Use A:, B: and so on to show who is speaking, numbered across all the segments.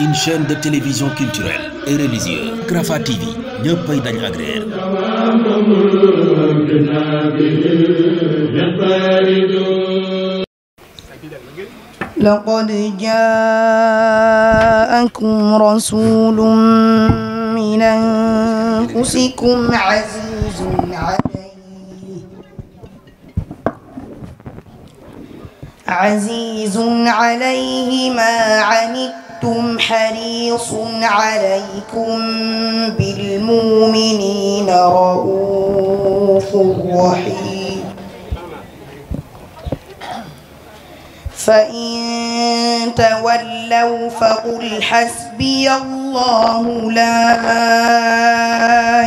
A: une chaîne de télévision culturelle et religieuse Rafah TV ñëppay dañ agréer
B: لقد جاءكم رسول من أنفسكم عزيز عليه عزيز عليه ما عنتم أنتم حريص عليكم بالمؤمنين رؤوف رحيم فإن تولوا فقل حسبي الله لا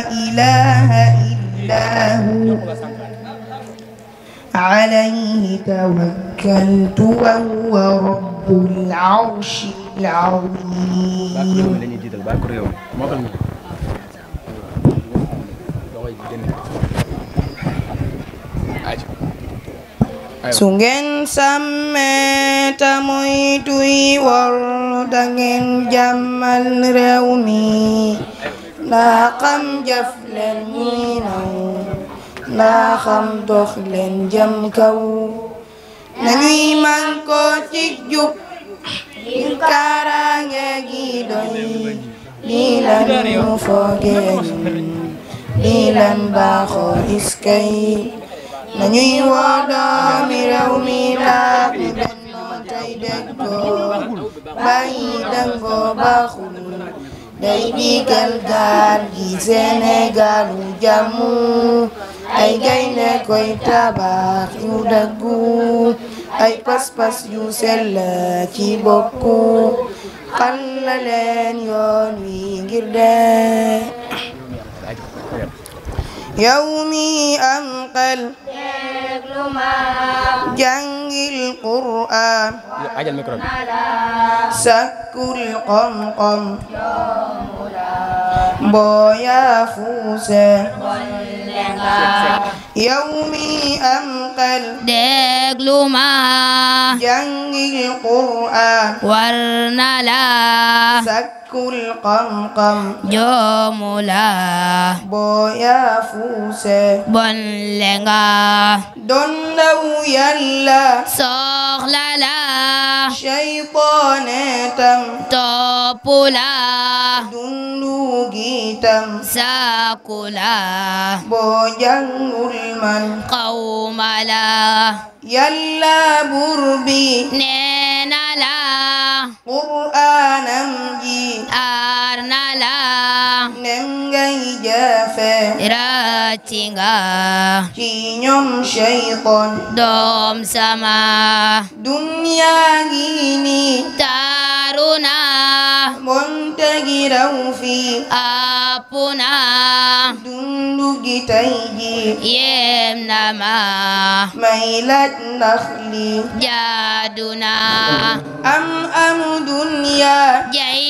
B: إله إلا هو عليه توكلت وهو رب العرش su ngeen sàmmee ta muy tuy wor da ngeen jàmmal réew mi ndaa xam jaf leen ñi naw ndaa xam dox leen jëm kaw nañuy man lii lan ñu foogee lii lan baaxoo iskay nañuy woo doomi mi laaj ñu bennoo tey
C: déggoo
B: bàyyi dangoo baaxul
C: day digal gaal gi Sénégal
B: ay gaynde koy tabax yu daggu ay pas-pas yu sell ci bokku xallaleen yoon wi ngir dee yow mi am xel jàngil quraan sakkul xam-xam mbooya fuuse yawmi amqal déglu ma jàngil Qur'aan war na la kul xam-xam joomula boo yaa fuuse bon lenga doon ndaw yàlla soxla la seytaane tam toppula dundu gi tam saakula boo jàngul man xawmala yàlla buur nee na la qur'aanam ji aar na la nem ngay jaafe raati ci ñoom shaytaan doom sama dunya gi taaruna tagi raw fi apuna dundu gi tey ji yem na ma maylat naxli jaaduna am amu dunya jay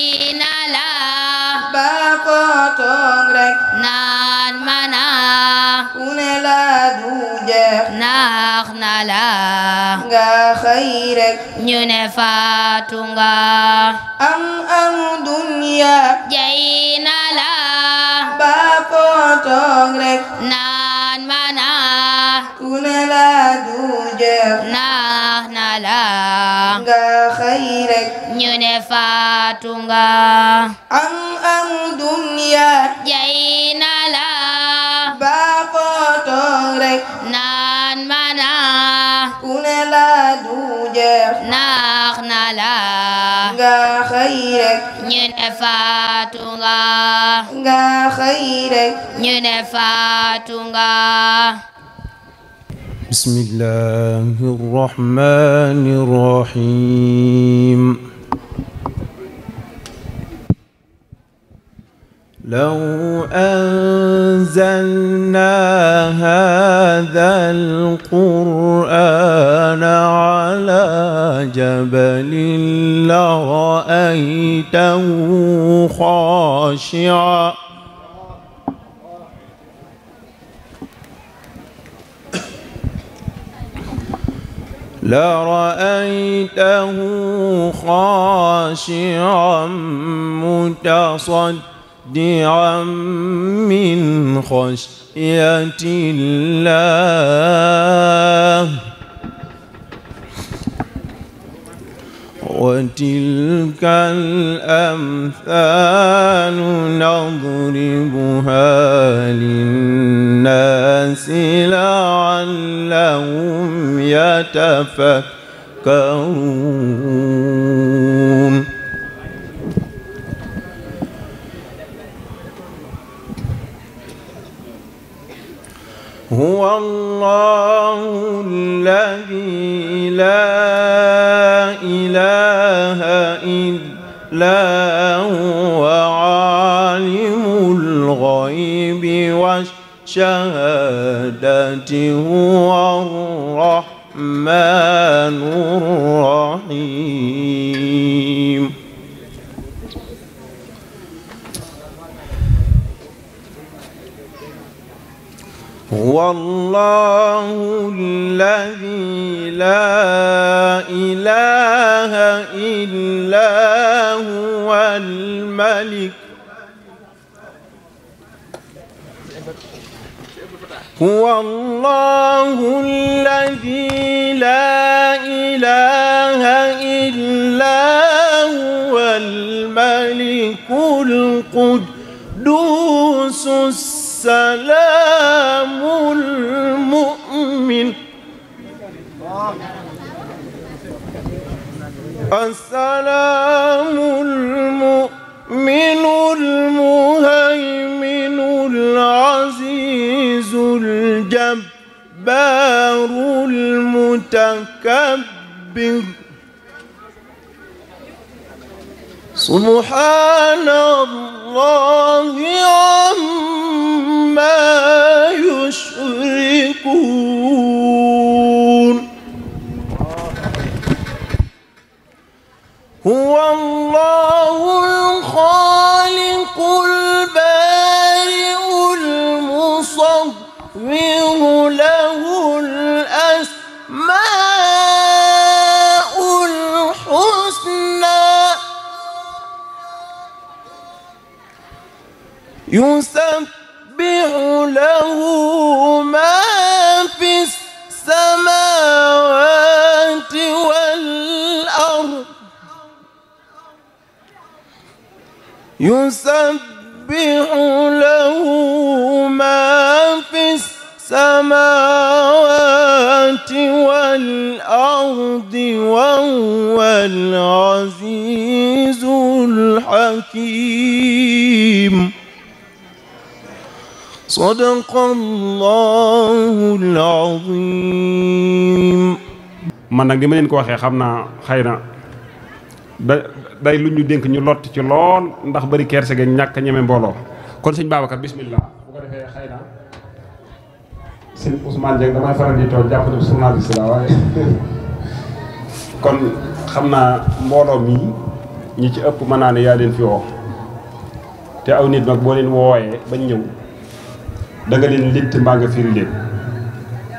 B: ba ko toog rek naan ma naa la du naax na la nga xëy rek faatu nga am am dunya jay na la ba ko rek naan ma كن لا naan mana ku ne la dujeex nga xëy rek ñu faatu nga nga xëy rek faatu nga
D: بسم الله الرحمن الرحيم لو أنزلنا هذا القرآن على جبل لرأيته خاشعاً لرأيته خاشعا متصدعا من خشية الله وتلك الأمثال نضربها للناس لعلهم يتفكرون هو الله الذي لا هو عالم الغيب والشهادة هو الرحمن الرحيم هو الله الذي لا إله إلا هو الملك هو الله الذي لا إله إلا هو الملك القدوس السلام السلام المؤمن المهيمن العزيز الجبار المتكبر سبحان الله عما يشركون هو الله يسبح له ما في السماوات والأرض وهو العزيز الحكيم
A: صدق الله العظيم man nag li ma leen ko waxee xam naa xëy na da day lu ñu dénk ñu lott ci lool ndax bari kerse ga ñàkk ñeme mbooloo kon sëñ Babacar bismillah bu ko defee xëy na sëñ Ousmane Dieng damay faral di toog jàpp ne journaliste la waaye kon xam naa mbooloo mii ñi ci ëpp mën naa yaa leen fi woo te aw nit mag boo leen wooyee bañ ñëw danga leen létt mbaa nga firi leen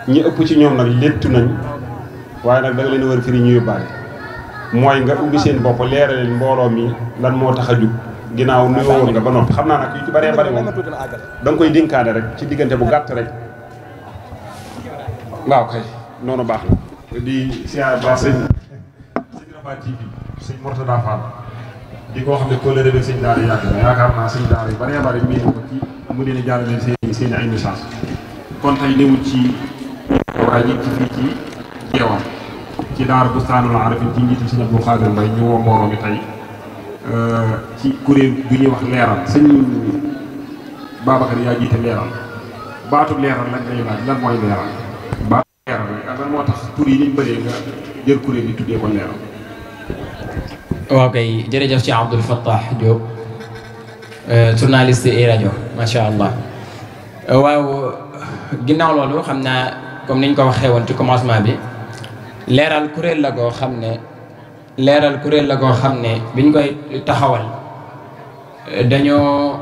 A: ñi ëpp ci ñoom nag léttu nañ waaye nag da nga leen war firi ñu yóbbaale mooy nga ubbi seen bopp leeralal mbooloo mi lan moo tax a jug ginnaaw nuyoo woon nga ba noppi xam naa nag yu ci bëree danga koy dénkaane rek ci diggante bu gàtt rek waaw kay noonu baax na. di siyaar baax sëñ sëñ Rafah TV di ko xam ne kóllëre bi sëñ daara yàgg na yaakaar naa sëñ daara yu bëree bëri miin ko ci mu ne ni jaarale seen seen ay message kon tey ci waa ci fii ci daara bustaanul arafin ci njiitu sëñ Abdou Khadir Mbaye ñu woo mbooloo mi tey euh, ci kuréel bi ñuy wax leeral sëñ Babacar yaa jiite leeral baatu leeral lan mooy leeral. baatu leeral moo tax tur yi ni mu bëree nga jël kuréel yi tuddee ko leeral.
E: waaw kay jërëjëf ci Abdoul Fattah Diop euh, journaliste i rajo macha allah euh, waaw ginnaaw loolu xam naa comme niñ ko wax xewoon ci commencement bi. leeral kuréel la goo xam ne leeral kuréel la goo xam ne biñ koy taxawal dañoo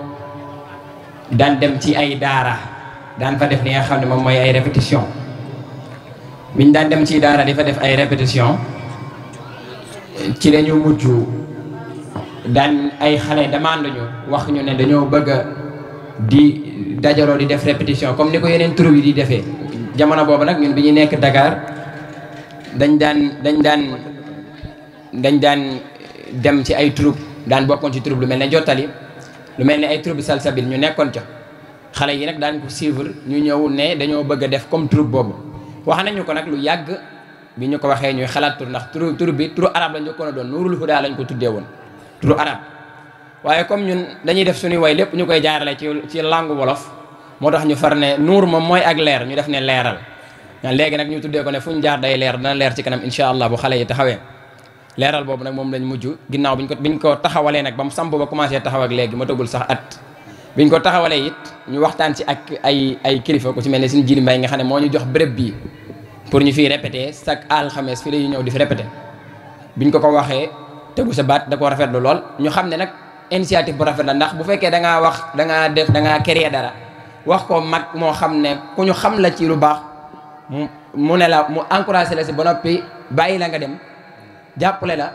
E: daan dem ci ay daara daan fa def li nga xam ne moom mooy ay répétition biñ daan dem ci daara di fa def ay répétition ci lañu mujj daan ay xale demande ñu wax ñu ne dañoo bëgg a di dajaloo di def répétition comme ni ko yeneen troupe yi di defee jamono boobu nag ñun bi ñu nekk Dakar dañ daan dañ daan dañ daan dem ci ay troupe daan bokkoon ci troupe lu mel ne jottali lu mel ne ay troupe salsabil ñu nekkoon ca xale yi nag daan ko suivre ñu ñëwul ne dañoo bëgg def comme troupe boobu wax nañu ko nag lu yàgg bi ñu ko waxee ñuy xalaat tur ndax tur tur bi turu arab lañ njëkkoon a doon nuurul huda lañ ko tuddee woon turu arab waaye comme ñun dañuy def suñuy woy lépp ñu koy jaarale ci ci langue wolof moo tax ñu far ne nuur moom mooy ak leer ñu def ne leeral léegi nag ñu tuddee ko ne fu ñu jaar day leer dana leer ci kanam incha allah bu xale yi taxawee leeral boobu nag moom lañ mujj ginnaaw biñ ko biñ ko taxawalee nag ba mu samp ba commencé taxaw ak léegi ma tëggul sax at biñ ko taxawalee it ñu waxtaan ci ak ay ay kilifa ku ci mel ne suñu jili mbay nga xam ne moo ñu jox béréb bii pour ñu fiy répété chaque alxames fi ñëw di fi répété biñ ko ko waxee tegu sa baat da koo rafetlu lool ñu xam ne nag initiative bu rafet la ndax bu fekkee da ngaa wax da ngaa def da ngaa créer dara wax ko mag moo xam ne ku ñu xam la ci lu baax mu ne la mu encouragé la si ba noppi bàyyi la nga dem jàppale la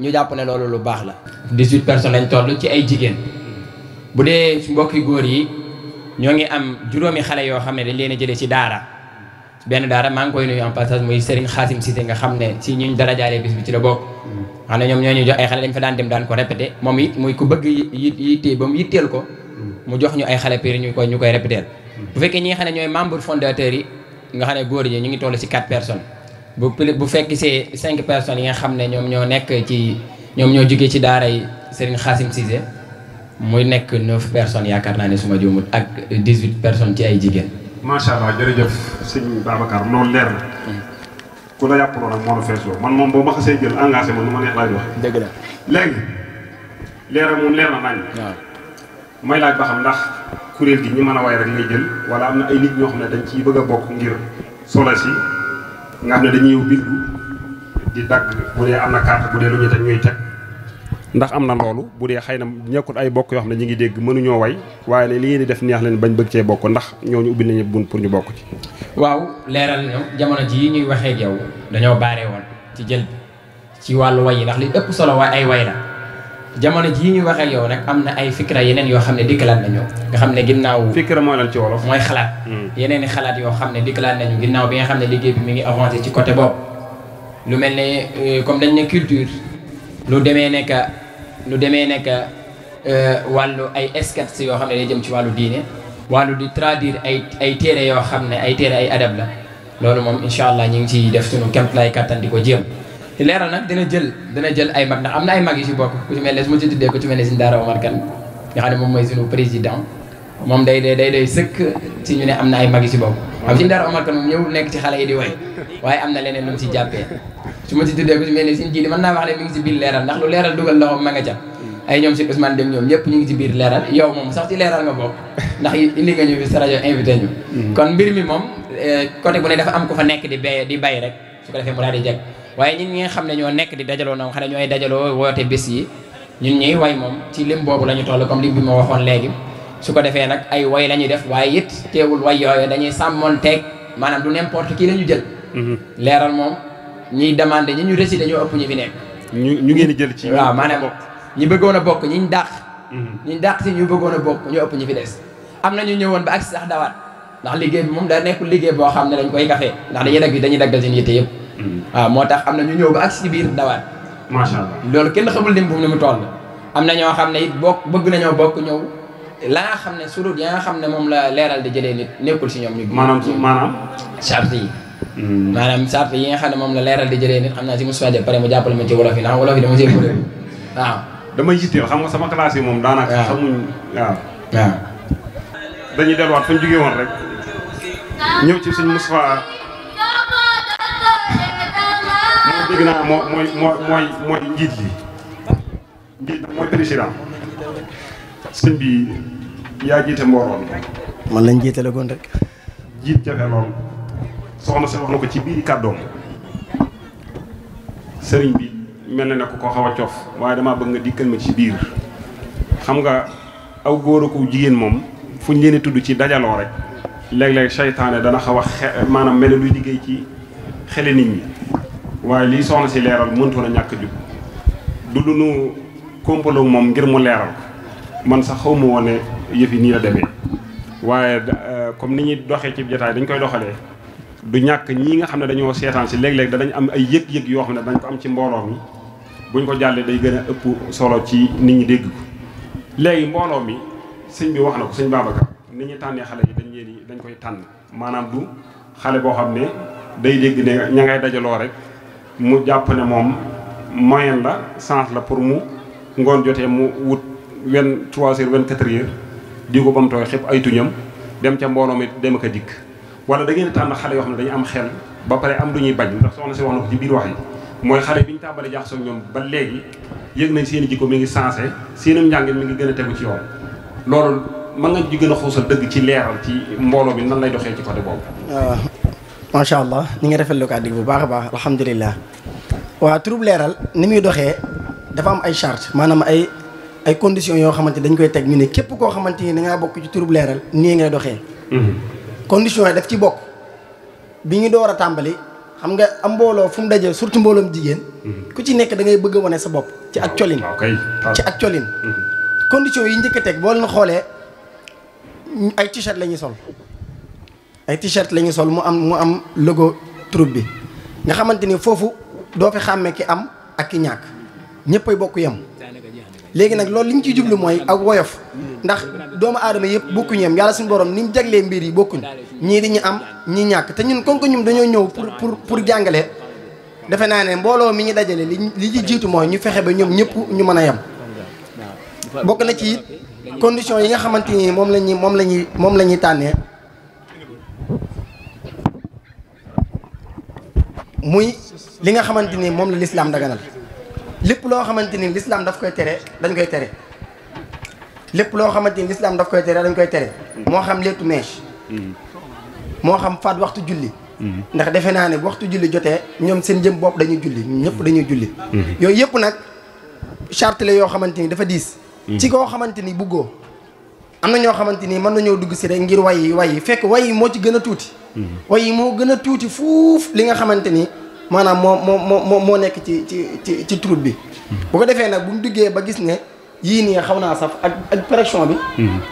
E: ñu jàpp ne loolu lu baax la. 18 personnes lañ toll ci ay jigéen bu dee mbokki góor yi ñoo ngi am juróomi xale yoo xam ne dañ leen jële jëlee si daara benn daara maa ngi koy nuyu en passage muy Serigne si Cissé nga xam ne ci ñu dara jaaree bis bi ci la bokk. xam ne ñoom ñoo ñu jox ay xale dañ fa daan dem daan ko répété moom it muy ku bëgg yi yittee ba mu yitteel ko mu jox ñu ay xale pire ñu koy ñu koy répété bu nga xam ne góor ñi ñu ngi toll si quatre personnes bu bu fekk see cinq personnes yi nga xam ne ñoom ñoo nekk ci ñoom ñoo jógee ci daaray Serigne Xaasim Cissé muy nekk neuf personnes yaakaar naa ne suma juumut ak dix huit personnes ci ay jigéen.
A: macha allah jërëjëf sëñ Babacar loolu leer na. ku la yàpp loolu nag moo la feesloo man moom boo ma xasee jël engagé ma lu ma neex laaj wax. dëgg la léegi leeral moom leer na waa may laaj ba xam ndax kuréel gi ñu mën a way rek lay jël wala am na ay nit ñoo xam ne dañ ciy bëgg a bokk ngir solo si nga xam ne am na carte bu dee lu ñu ndax am na loolu bu dee xëy na ñekkul ay bokk yoo xam ne ñu ngi dégg mënuñoo way waaye ne li ngeen di def neex leen bañ bëgg cee bokk ndax ñooñu ubbi nañu bun pour ñu bokk ci
E: waaw leeral jamono ji ñuy waxee yow dañoo baaree woon ci jël ci wàllu way yi ndax li ëpp solo waa ay way la jamono jii ñu waxee yow rek am na ay fikra yeneen yoo xam ne dikkalaat nañu nga xam ne ginnaaw. fikra mooy lan ci wolof. mooy xalaat. Hmm. yeneen i xalaat yoo xam ne di dikkalaat nañu ginnaaw bi nga xam ne liggéey bi mi ngi avancé ci côté boobu. lu mel ne euh, comme dañ ne culture. lu demee ne que lu demee ne que euh, wàllu ay sketch yoo xam ne day jëm ci wàllu diine. wàllu di traduire ay ay téere yoo xam ne ay téere ay adab la. loolu moom incha allah ñu ngi ciy def sunu kéemtalaay kattan di ko jéem. leeral nag dina jël dina jël ay mag ndax am na ay mag yu si bokk ku ci mel ne su ma ci tuddee ku ci mel ne suñu daara Omar ne moom mooy suñu président moom day day day day sëkk ci ñu ne am na ay mag yu si bokk xam suñu daara Omar Kane moom ñëwul nekk ci xale yi di way waaye am na leneen lu mu si jàppee su ma ci tuddee ku mel ne suñu jiidi mën naa wax ne mi ngi si biir leeral ndax lu leeral dugal loxoom ma nga ca ay ñoom si Ousmane Dem ñoom ñëpp ñu ngi ci biir leeral yow moom sax ci leeral nga bokk ndax indi nga ñu fi sa rajo invité ñu mm-hmm. kon mbir mi moom eh, côté bu ne dafa am ku fa nekk di bay di bay rek su ko defee mu daal di jeg waaye ñun ñi xam ne ñoo nekk di dajaloo noonu xam ne ñooy dajaloo woote bis yi ñun ñuy way moom ci lim boobu lañu ñu toll comme lim bi ma waxoon léegi su ko defee nag ay way lañuy def waaye it teewul way yooyu dañuy sàmmoon teeg maanaam du n'importe qui la ñu jël mhm. leeral moom ñiy demandé ñi ñu récité ñoo ëpp ñu fi nekk ñu ngeen di jël ci waaw maanaam ñi bëggoon a bokk ñiñ dàq mhm. ñiñ dàq si ñu bëggoon a bokk ñoo ëpp ñu fi des am na ñu ñëwoon ba agsi sax dawaat ndax liggéey bi moom da nekkul liggéey boo xam ne dañ koy gafee ndax dañuy dagg dañuy daggal seen yitte yëpp waaw mm. ah, moo tax am na ñu ñëw ba ak si biir dawaat macha allah loolu kenn xamul lim bu mu toll am na ñoo xam ne it bokk bëgg nañoo bokk ñëw la nga xam ne surut ya nga xam ne moom la leeral di jëlee nit nekkul si ñoom ñu maanaam maanaam charte yi mm. maanaam charte yi nga xam ne moom la leeral di jëlee nit am naa si Moustapha Dia pare mu jàppale ma ci
A: wolof yi ndax wolof yi dama see bëri waaw dama yitteel xam nga sama classe yi moom daanaka xamuñ waaw waaw dañuy delluwaat fu ñu jógee woon rek ah. dégg naa moo mooy mooy mooy njiit li mooy président sëñ yaa jiite mbooroon
F: man lañ jiitale goon rek
A: jiit jafe lool soxna si wax na ko ci biir kàddoom sëriñ bi mel na ne ko ko xaw a cof waaye damaa bëgg nga dikkal ma ci biir xam nga aw góor ko jigéen moom fu ñu leen tudd ci dajaloo rek léeg-léeg seytaane dana xaw a xe maanaam mel luy liggéey ci xele nit ñi waaye lii soxna si leeral mëntu woon a ñàkk du du lu nu kompaloo moom ngir mu leeral man sax xaw ma wone ne yëf yi nii la demee waaye euh, comme ni ñuy doxee ci jotaay dañ koy doxalee du ñàkk ñii nga xam ne dañoo seetaan si léeg-léeg danañ am ay yëg-yëg yoo xam ne dañ ko am ci mbooloo mi buñ ko jàllee day gën a ëpp solo ci nit ñi dégg mbooloo mi sëñ bi wax na ko sëñ Babacar nit ñi tànnee xale yi dañ leen dañ koy tànn maanaam du xale boo xam ne day dégg ne ña ngay dajaloo rek mu jàpp ne moom moyen la chance la pour mu ngoon jotee mu wut wenn trois heures wenn quatre heures di ko ba mu tooy xëpp ay tuñam dem ca mbooloo mi dem ak a dikk wala da ngeen tànn xale yoo xam ne dañu am xel ba pare am du ñuy bañ ndax soxna si wax na ko ci biir wax ni mooy xale bi ñu tàmbalee jaxasoo ñoom ba léegi yëg nañ seen jikko mi ngi sensé seenam njàngin mi ngi gën a tegu ci yoon loolu mën nga ji gën a xuusal dëgg ci leeral ci mbooloo bi nan lay doxee ci côté boobu.
E: Ah.
F: macha allah ni nga rafetlu kàddu gi bu baax baax alhamdulilah waaw turub leeral ni muy doxee dafa am ay charte maanaam ay ay conditions yoo xamante dañ koy teg ñu ne képp koo xamante ni da ngaa bokk ci turub leeral nii ngay doxee. Mhm. conditions yi daf ci bokk bi ñu war a tàmbali xam nga am mbooloo fu mu dajee surtout mbooloom jigéen. Mhm. ku ci nekk da ngay bëgg wane sa bopp. ci ak colin ah. ci ak colin. Mhm. conditions yi njëkk a teg boo leen xoolee ay t-shirt la ñuy sol. ay t lañuy sol mu am mu am logo troupe bi nga xamante ni foofu doo fi xàmmee ki am ak ki ñàkk ñëppay bokk yam léegi nag loolu li ñu ciy jublu mooy ak woyof ndax doomu aadama yëpp bokkuñu yem yàlla suñu borom ni ñu jaglee mbir yi bokkuñ ñii di ñu am ñi ñàkk te ñun kon ko ñum dañoo ñëw pour pour pour jàngale. defe naa ne mbooloo mi ñu dajale li li jiitu mooy ñu fexe ba ñoom ñëpp ñu mën a yem bokk na ci condition yi nga xamante ni moom la ñuy moom la ñuy moom la ñuy tànnee. muy li nga xamante ni moom la lislaam daganal lépp loo xamante ni lislaam daf koy tere dañ koy tere lépp loo xamante ni lislaam daf koy tere dañ koy tere moo xam léttu mèche moo xam faat waxtu julli ndax defe naa ne waxtu julli jote ñoom seen jëm bopp dañuy julli ñëpp dañuy julli yooyu yëpp nag charte yoo xamante ni dafa diis ci koo xamante ni buggoo am na ñoo xamante ni mën nañoo dugg si rek ngir way yi yi fekk way yi moo ci gën a tuuti way yi moo gën a tuuti fuuf li nga xamante ni maanaam moo moo moo moo nekk ci ci ci ci bi. bu ko defee nag bu mu duggee ba gis ne yii nii xaw naa saf ak ak pression bi.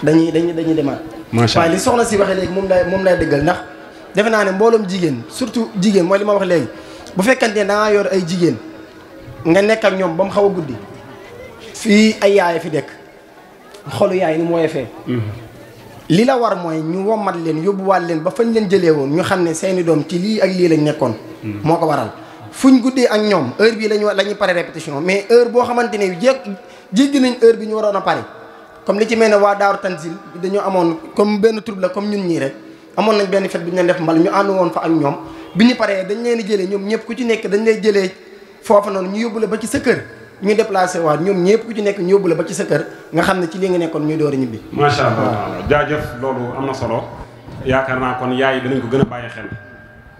F: dañuy dañuy dañuy demaat. macha allah waaye li soxna si waxee léegi moom lay moom lay dëggal ndax defe naa ne mbooloom jigéen surtout jigéen mooy li ma wax léegi bu fekkante ne yor ay jigéen nga nekk ak ñoom ba mu xaw a guddi fii ay yaay fi dekk xolu yaay ni mu woyofee. Mm-hmm. li la war mooy ñu wommat leen yóbbuwaat leen ba fañ leen jëlee woon ñu xam ne seeni doom ci lii ak lii lañ nekkoon. Hmm. moo ko waral fuñ guddee ak ñoom heure bii lañu la ñuy pare répétition mais heure boo xamante ne jéeg jéggi nañ heure bi ñu waroon a pare. comme li ci mel ne waa Daaru Tanzil dañoo amoon comme benn troupe la comme ñun ñii rek amoon nañ benn fet bi ñu leen def mbal ñu ànd woon fa ak ñoom bi ñu paree dañ leen jëlee ñoom ñëpp ku ci nekk dañ lay jëlee foofu noonu ñu yóbbu la ba ci sa kër ñu déplacé waat ñoom ñëpp ku ci nekk ñu yóbbu la ba ci sa kër nga xam ne ci lii nga nekkoon ñuy door a ñibbi. macha allah
A: jaajëf loolu am na solo yaakaar naa kon yaay danañ ko gën a bàyyi xel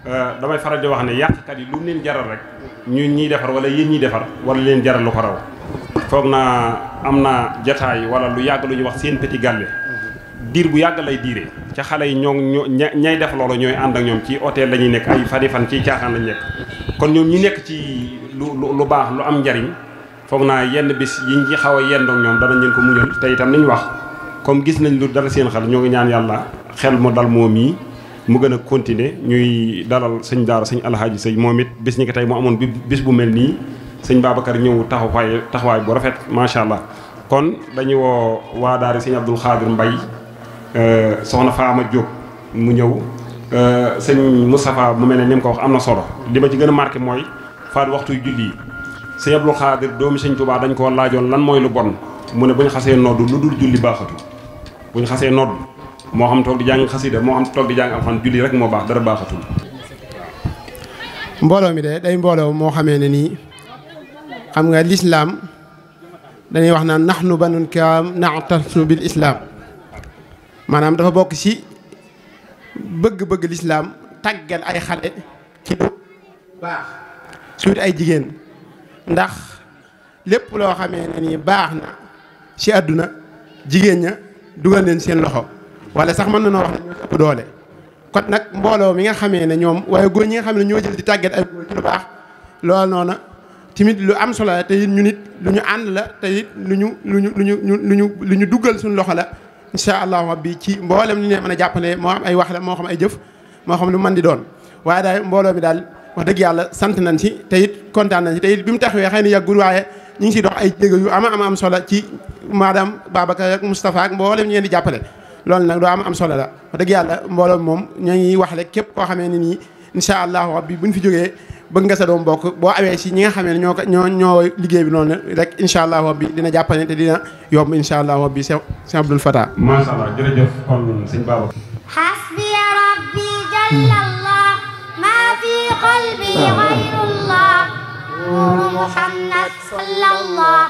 A: euh, damay faral di wax ne yàqkat yi lu leen jaral rek ñu ñiy defar wala yéen ñiy defar wala leen jaral lu ko raw foog naa am na jataay wala lu yàgg lu ñuy wax seen petit gàlle diir bu yàgg lay diire ca xale yi ñoo ñoo ñay def loolu ñooy ànd ak ñoom ci hôtel la ñuy nekk ay fani fan ci caaxaan lañu nekk kon ñoom ñi nekk ci lu lu baax lu am njariñ foog naa yenn bis yiñ ci xaw yenn yendoog ñoom danañ leen ko mu muñal te itam li ñu wax comme gis nañ lu dal seen xel ñoo ngi ñaan yàlla xel mu dal moom yi mu gën a continuer ñuy dalal sëñ daara sëñ alhaaji sëñ moom it bis ñi tey mu amoon bi bis bu mel nii sañ Babacar ñëw taxawaay taxawaay bu rafet macha allah kon dañu woo waa daari sëñ Abdul Xaadir Mbay euh, soxna Faama jóg mu ñëw euh, sëñ Moustapha mu mel ne ni mu ko wax am na solo li ma ci gën a marqué mooy faat waxtu julli sëñ Abdul Xaadir doomi sëñ Tuubaa dañ koo laajoon lan mooy lu bon mu ne bu ñu xasee noddu lu dul julli baaxatu bu ñu xasee noddu moo xam toog di jàng xasida moo xam toog di jàng alxuraan julli rek moo baax dara baaxatul.
C: mbooloo mi de day mbooloo moo xamee ne nii xam nga lislaam dañuy wax na naan naxnu banun kiram naatasu bil islaam maanaam dafa bokk ci bëgg-bëgg lislaam tàggal ay xale ci lu baax surtout ay jigéen ndax lépp loo xamee ne nii baax na ci àdduna jigéen ña dugal leen seen loxo wala sax mën na noo wax ne ñoo ëpp doole kon nag mbooloo mi nga xamee ne ñoom waaye góor ñi nga xam ne ñoo di tàggat ay góor ci lu baax loolu noonu am solo la te it ñu nit lu ñu ànd la te lu ñu lu ñu lu ñu lu ñu lu ñu duggal suñu loxo la incha allahu rabbi ci mboolem lu ñu mën a jàppale moo am ay wax la moo xam ay jëf moo xam lu mën di doon waaye daal mbooloo mi daal wax dëgg yàlla sant nañ si te it kontaan nañ ci te it bi mu tax wee xëy na yàggul waaye ñu ngi ciy dox ay jéego yu ama ama am solo ci madame Babacar ak ak mboolem ñu di jàppale loolu nag doo am am solo la dëgg yàlla mbooloo moom ñoo ngi wax rek képp koo xamee ne nii incha allahu rabbi buñ fi jógee bëgg nga sa doom bokk boo awee ci ñi nga xamee ne ñoo ko ñoo ñoo liggéey bi noonu rek incha allahu bi dina jàppale te dina yomb incha allahu rabbi Cheikh Abdoul Fatah. macha allah
A: jërëjëf kon sëñ Babacar. hasbi
C: rabbi
B: نور محمد صلى الله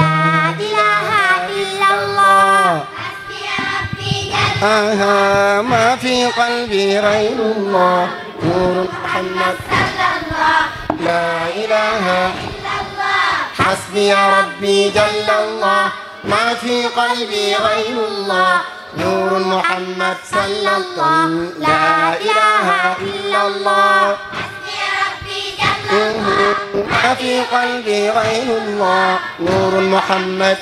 F: لا إله إلا الله حسبي ربي آها ما في قلبي غير الله نور محمد صلى الله لا إله إلا الله حسبي ربي جل الله ما في قلبي غير الله نور محمد صلى الله لا إله إلا الله حسبي ربي جل الله ضاع في قلبي غير الله نور محمد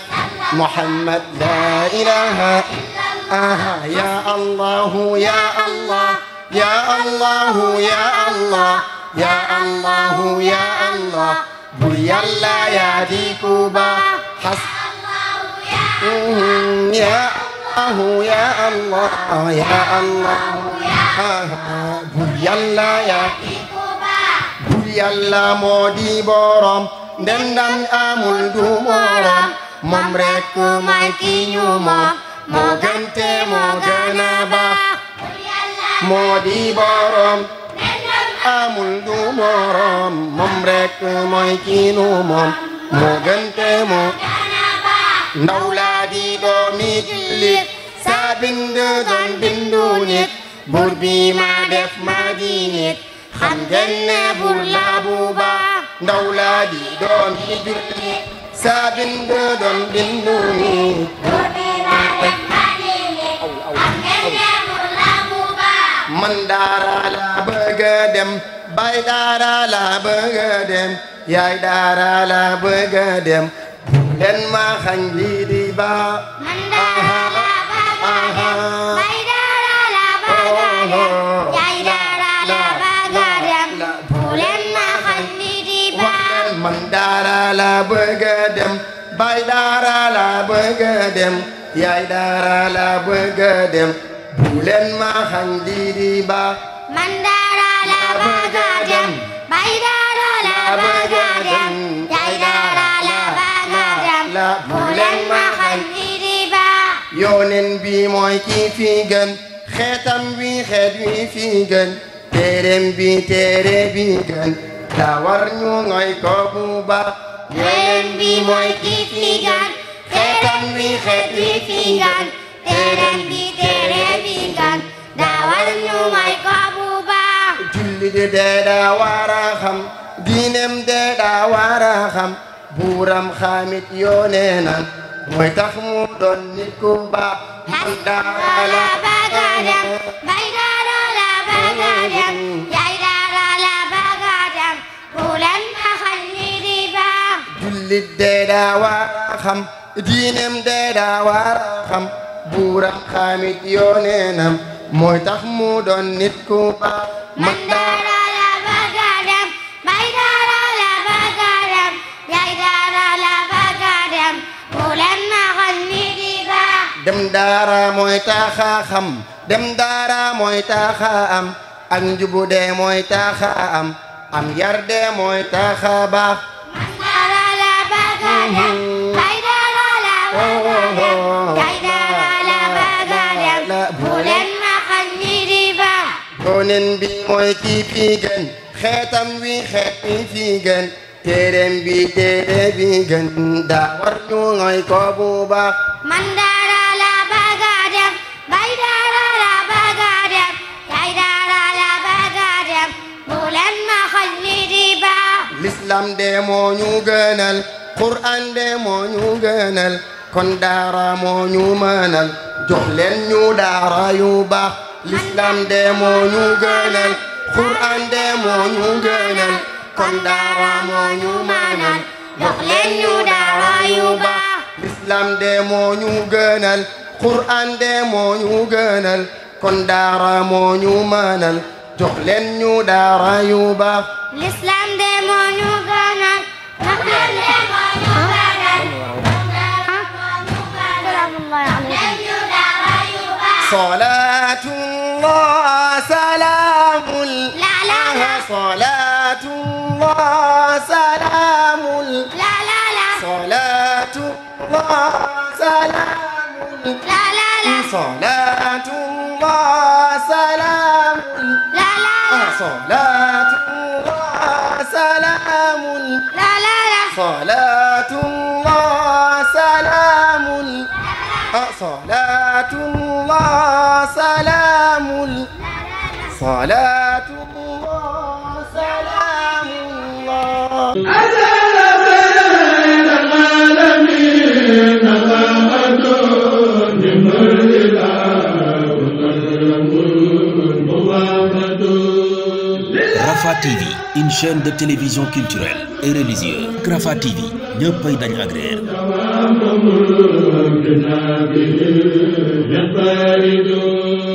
F: محمد لا إله آه يا الله يا الله يا الله يا الله يا الله يا الله بلي الله يا ديكوبا حسب الله يا الله يا الله يا الله بلي الله يا ديكوبا yàlla moo di borom ndendam amul du morom moom rek may ki ñu moo gante moo gën moo di borom moom rek mooy ki ñu moo gante moo ndaw laa di doomi jullit saa bind doon bindu nit buur bi ma def ma xam ngeen ne bur laa buuba ndaw laa di doom yi jur gi saa bind doon bindu ni man daara laa bëgg a dem bay daara laa bëgg a daara laa bëgg a dem len ma xañ lii di baa laa bëgg a dem baay daara laa bëgg a dem yaay daara laa bëgg dem bu leen ma ba man daara laa bëgg a dem baay daara laa bëgg a dem yaay daara laa bëgg dem bu leen ma ba yónneen bi mooy ki xeetam wi xeet wi fi gën téereem daa war ñu ngoy ko bu Brengen wie mooi die vliegen, teren wie het wie vliegen,
B: teren wie teren vliegen,
F: daar waren nu mijn
B: kabuba.
F: Jullie de daar waren gaan, dinem de daar waren gaan, buuram gaan met jonenen, tax mu doon nit man daaw la baax a bay daaw la baax a jullit daa waar xam dee daa waar xam buuram xaamit mooy tax mu doon nit ku baax man daara la bëgg a dem
B: bay daara la bëgg a dem yaay daara la bëgg a dem bu leen
F: mooy taxa xam dem daara mooy mooy taxa am am yar mooy taxa baax yonent bi mooy kii fii gën bu baax man daara la bëgg
D: a
B: bu leen ma xaj mi di baax
F: l'islam de moo ñu gënal Qur'an de moo ñu gënal kon daara moo ñu mënal jox leen daara yu baax l'islam de moo gënal kon daara moo mënal jox leen daara yu baax ñu gënal Quran de moo ñu kon daara ñu mënal jox daara yu baax l'islam صلاة الله سلام لا لا لا صلاة الله سلام لا لا لا صلاة الله سلام لا لا لا صلاة الله سلام لا لا لا صلاة الله سلام لا لا لا صلاة الله صلاة الله سلام صلاة الله سلام
D: الله
A: Rafah TV une chaîne de télévision culturelle et religieuse Rafah TV ñëppay dañ agréer
D: بنا به
B: ينفرد